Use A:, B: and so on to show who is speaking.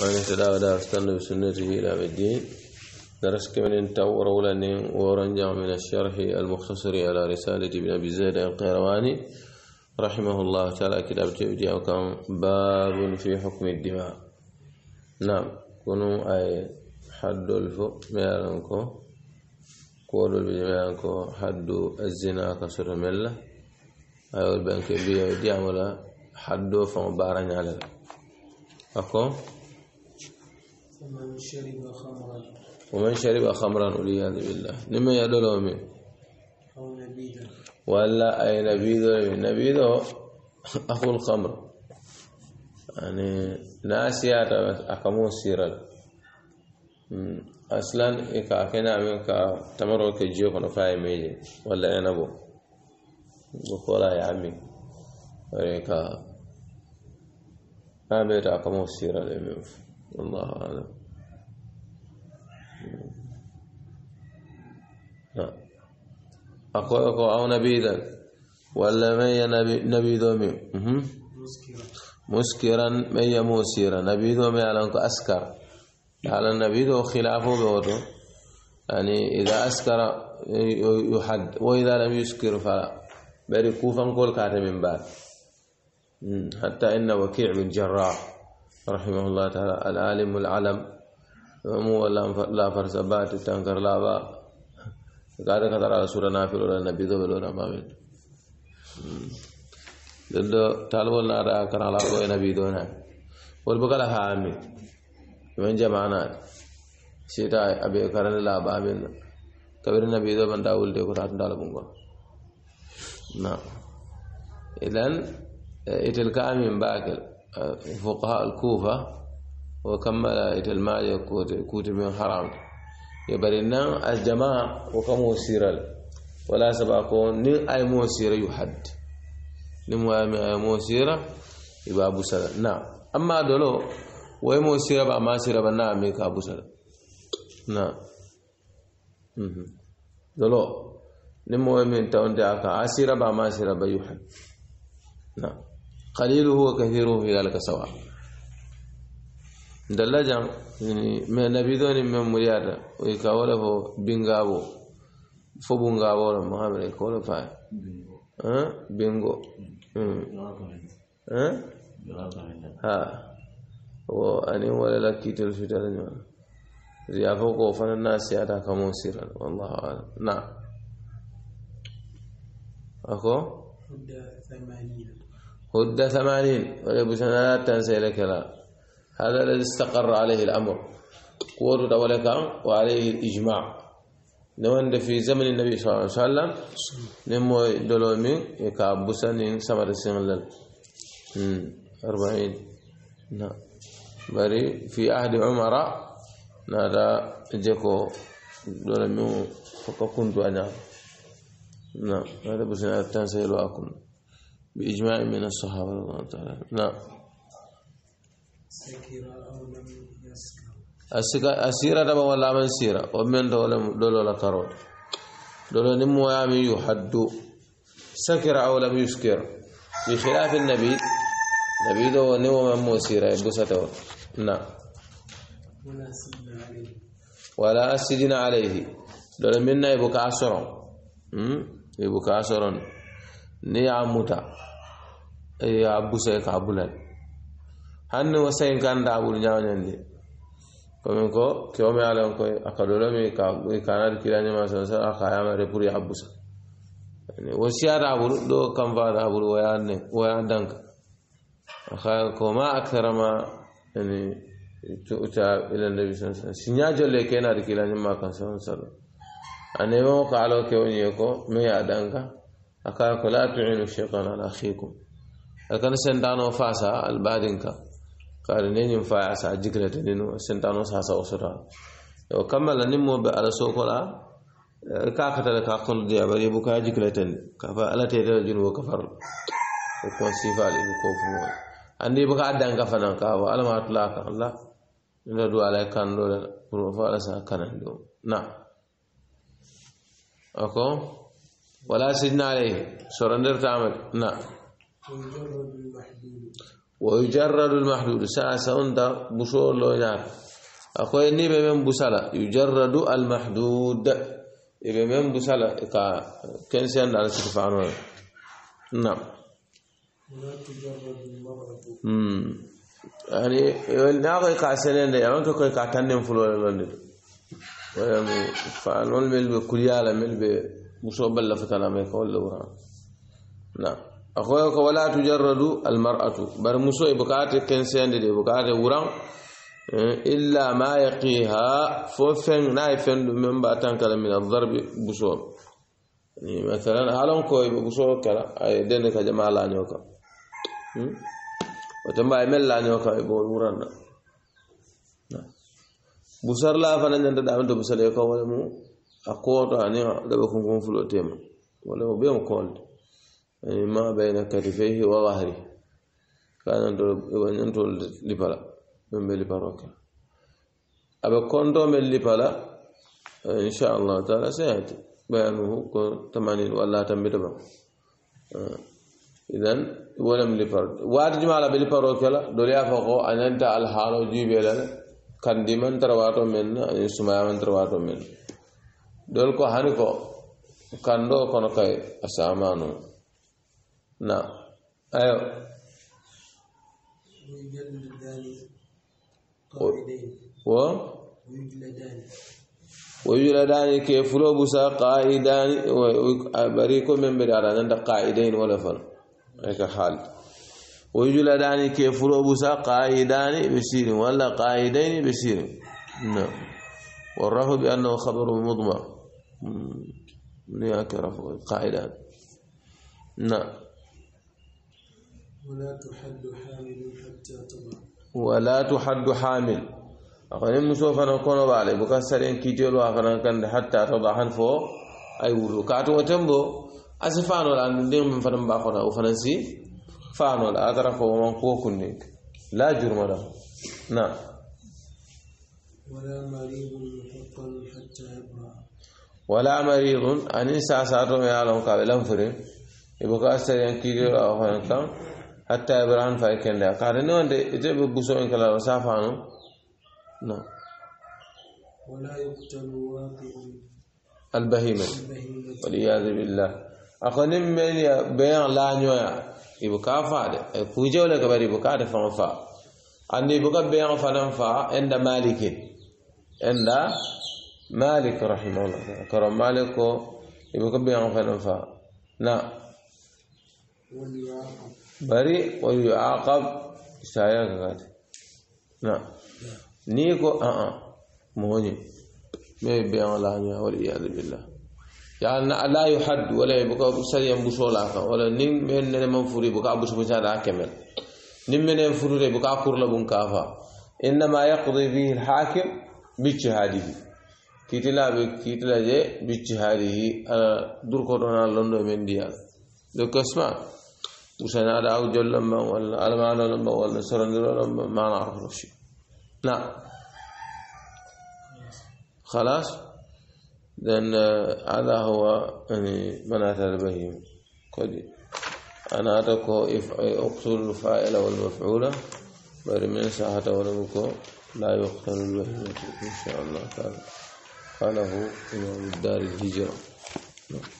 A: وأن اهتدى ودا استنى بسنته إلى الدين درس كمن انتور ولن ورنجع من الشرح المختصر على رسالة ابن أبي زيد القيرواني رحمه الله تعالى كتاب تبدي وكم باب في حكم الدماء نعم كونوا أي حد الفو ميلانكو كودو بجميلانكو حد الزنا كسر ملة أيوة البنك بيدي عملا حدو فمبارن على أكو ومن شرب خمرا ومن شرب خمرا بالله لما يدلو من أو ولا أي نبيذ نبيذ أخو الخمر يعني ناسي أكمو سيرا أصلا كأكنا من كتمر كا كجيو كنا فاي ميجي ولا أنا بو بقولها يا عمي وريكا أم رقمه السيرة الإمام والله أعلم أقول نعم. أقول أو نبيذا ولا مي نبيذ نبي مسكرا مي موسيرا نبيذ ذومي على أنك أسكر على النبيذ وخلافه خلافه يعني إذا أسكر يحد وإذا لم يسكر فلا بري كوفا نقول كاتب من بعد حتى إن وكيع بن جراح رحمه الله تعالى العالم العلم مو لا فرسبات تنكر لا با قال كثر على سورة نافل ولا نبي ذو ولا ما مامين طالب ولا را كان على ابو نبي دونا والبقرة هامي من جمعنا سيتا ابي كرن لا با من كبر النبي ذو بندا ولدي قرات دالبونغ نعم اذا إتل من باكل فقهاء الكوفة وكمل إتل مالي كوت من حرام يبرنا الجماعة وكم سيرا ولا سبقون نين أي مو سيرة يحد نمو أي مو سيرة يبقى أبو سلا نعم أما دولو ويمو سيرة بقى ما سيرة بنا نعم، أمريكا أبو سلا نعم دولو نمو أمين تاون دعاك أسيرة بقى ما سيرة بيوحد نعم قليله وكثيره في ذلك سواء دل جام يعني ما نبيدون من مريار ويكاوله هو بنغابو فو بنغابو لما هم يقولوا فاي ها بنغو ها ها وأني ولا لك تلفتر ريافوكو فانا الناس ياتا كمون سيرا والله أعلم نعم أكو ثمانية هد ثمانين ويبو سنة تنسى لك لا هذا الذي استقر عليه الأمر قوة دولك وعليه الإجماع نوان في زمن النبي صلى الله عليه وسلم نمو دولومي يكابوسا سمر سنلل أربعين نعم بري في عهد عمر نادا جكو فقا كنت أنا نعم هذا بسنا تنسى لكم بإجماع من الصحابة رضي الله تعالى نعم أسيرة دم ولا من سيرة ومن دولة دولة لطرود دولة نمو يامي يحد سكر أو لم يسكر بخلاف النبي نبي دولة نمو من موسيرة يبقى ستور نعم ولا أسجن عليه دولة منا يبقى عصر يبقى عصر ne y'a muta eh, ya busa k'a bulani Hannu wo yin kan da wajen ne komin ko kewome alan ko a ka dolo mi kanadi kilañama sa sa a kayamare pour ya busa wo siyata bulu ɗo kam fata bulu waya danka A ko ma kara ma yani tuta ila nabi sallallahu alaihi wasallam sinya jolle kenadi kilañama kan sa A anema ko alo kewñe ko me a danka أكاك لا تعينوا الشيطان على أخيكم أكان سنتانو فاسا البادنكا قال نين فاسا جكرة نينو سنتانو ساسا وسرا وكمل نمو على سوق لا كاكتل كاكل دي أبري بكا جكرة كفا ألا تيتل جنو كفر وكون سيفال إبكو فمول عندي بكا أدن كفنا كاوا ألا ما أطلاك الله ندو على كان دولا فالسا كان نعم أكو ولا سجن عليه سرندر تعمل نعم ويجرد المحدود ساعة سوندا بشور لو نعم أخوي نيبة من بسالة يجرد المحدود يبقى من بسالة إقا كان سيان على سكفانون نعم ولا تجرد المرأة يعني ناقي كاسنين يعني أنت كوي كاتنين فلو لندن فالمول مل بكلية على مل مشوب الله في كلامه قول له نعم أخويا ولا تجرد المرأة بر مسوء بكاتي كنسي عندي دي بكاتي ورا إلا ما يقيها ففن نايفن من باتان كلا من الضرب بسوء يعني مثلا هل هم كوي بسوء كلا أي دينك جمال لانيوكا وتنبع يمل لانيوكا يقول وران نعم. بسر لا فنن جند دامن تبسر يكا ولمو أقوط أن لبكم كون فلو تيما ولو بيوم كون يعني ما بين كتفيه وظهره كان أنتو لبلا من بلبروك أبا كونتو من لبلا إن شاء الله تعالى سيأتي بيانه تمانين ولا تنبتبه إذن ولم لفرد وارج ما لبي لفرد كلا دوليا فقو أن أنت الحالو جيبي لنا كان ديمان ترواتو من سمايا من ترواتو من dol ko hani ko kando kono kay asamanu na ayo wo ويجلدان لو بوسا قائدان بريكو من بداران عند قائدين ولا فر هيك حال ويجلدان لو بوسا قائدان بسير ولا قائدين بسير نعم والرهب بأنه خبر مضمر هناك قاعدة نعم ولا تحد حامل حتى تضع ولا تحد حامل أقول لهم سوف نكون بالي بكسرين كتير وأخرى كان حتى تضع حنفو أي وركات وتمبو أسفان ولا لأن دين من فنم باقنا فان ولا أدرك ومن قوة كنك لا جرم له نعم ولا مريض محقا حتى يبرأ ولا مريض أن ينسى ساتهم يا لهم قابل أنفرهم يبقى أستر ينكيري الله أنكم حتى إبران فايكين لها قارن نوان دي إجب ببسو إنك الله وصافانو نا نعم. ولا يقتل واقع البهيمة والإياذ بالله أخوان من يبين لا نوايا يبقى فاد فوجه ولا كبير يبقى فان فا أن يبقى بيان فان فا عند مالك عند مالك رحمه الله كرم مالك يبقى بيان فنفا نعم بري ويعاقب سايق كاتي نعم نيكو اه اه موني ما بيان لا نيا والعياذ بالله يعني لا يحد ولا يبقى سريا بوشولا ولا نين من منفوري بقى بوشولا دا كمل نين من منفوري بقى كورلا بون كافا انما يقضي به الحاكم باجتهاده كتلابي كتلاجي بشهري دوكورا لونه من ديا دوكاسما تسانا او جلما والالمان لما والسرن لما ما نعرف شيء لا خلاص لان هذا هو يعني مناثر البهيم كذي انا اتركه اقتل الفاعل والمفعول برمين ساحه ولمكو لا يقتل البهيم ان شاء الله تعالى قاله إمام الدار الهجرة نعم.